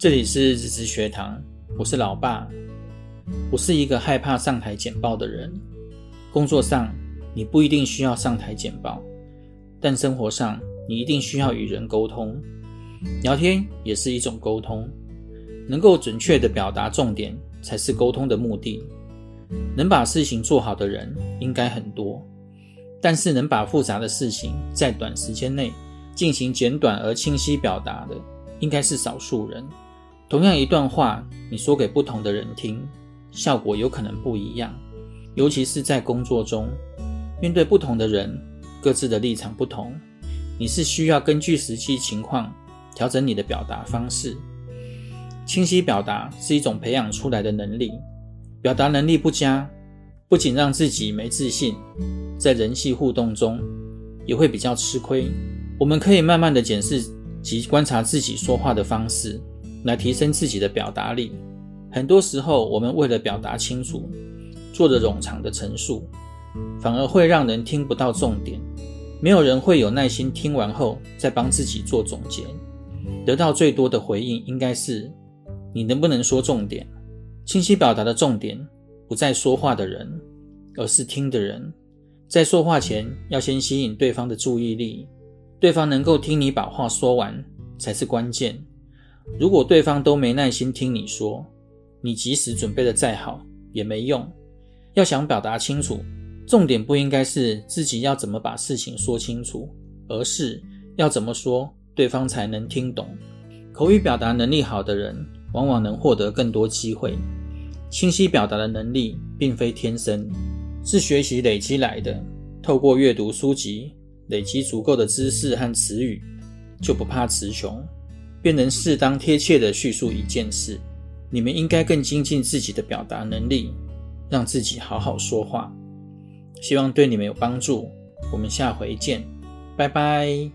這裡是日職學堂，我是老爸。我是一個害怕上台簡報的人。工作上，你不一定需要上台簡報，但生活上，你一定需要與人溝通。聊天也是一種溝通。能夠準確地表達重點，才是溝通的目的。能把事情做好的人應該很多，但是能把複雜的事情在短時間內進行簡短而清晰表達的，應該是少數人。同樣一段話，你說給不同的人聽，效果有可能不一樣。尤其是在工作中，面對不同的人，各自的立場不同，你是需要根據實際情況調整你的表達方式。清晰表達是一種培養出來的能力，表達能力不佳，不僅讓自己沒自信，在人際互動中也會比較吃虧。我們可以慢慢的檢視及觀察自己說話的方式。來提升自己的表達力。很多時候，我們為了表達清楚，做着冗長的陳述，反而會讓人聽不到重點。沒有人會有耐心聽完後再幫自己做總結。得到最多的回應應該是：你能不能說重點？清晰表達的重點不在說話的人，而是聽的人。在說話前，要先吸引對方的注意力。對方能夠聽你把話說完才是關鍵。如果對方都沒耐心聽你說，你即使準備的再好也沒用。要想表達清楚，重點不應該是自己要怎麼把事情說清楚，而是要怎麼說對方才能聽懂。口語表達能力好的人，往往能獲得更多機會。清晰表達的能力並非天生，是學習累積來的。透過閱讀書籍，累積足夠的知識和詞語，就不怕詞窮。便能適當貼切地敘述一件事。你們應該更精進自己的表達能力，讓自己好好說話。希望對你們有幫助。我們下回見，拜拜。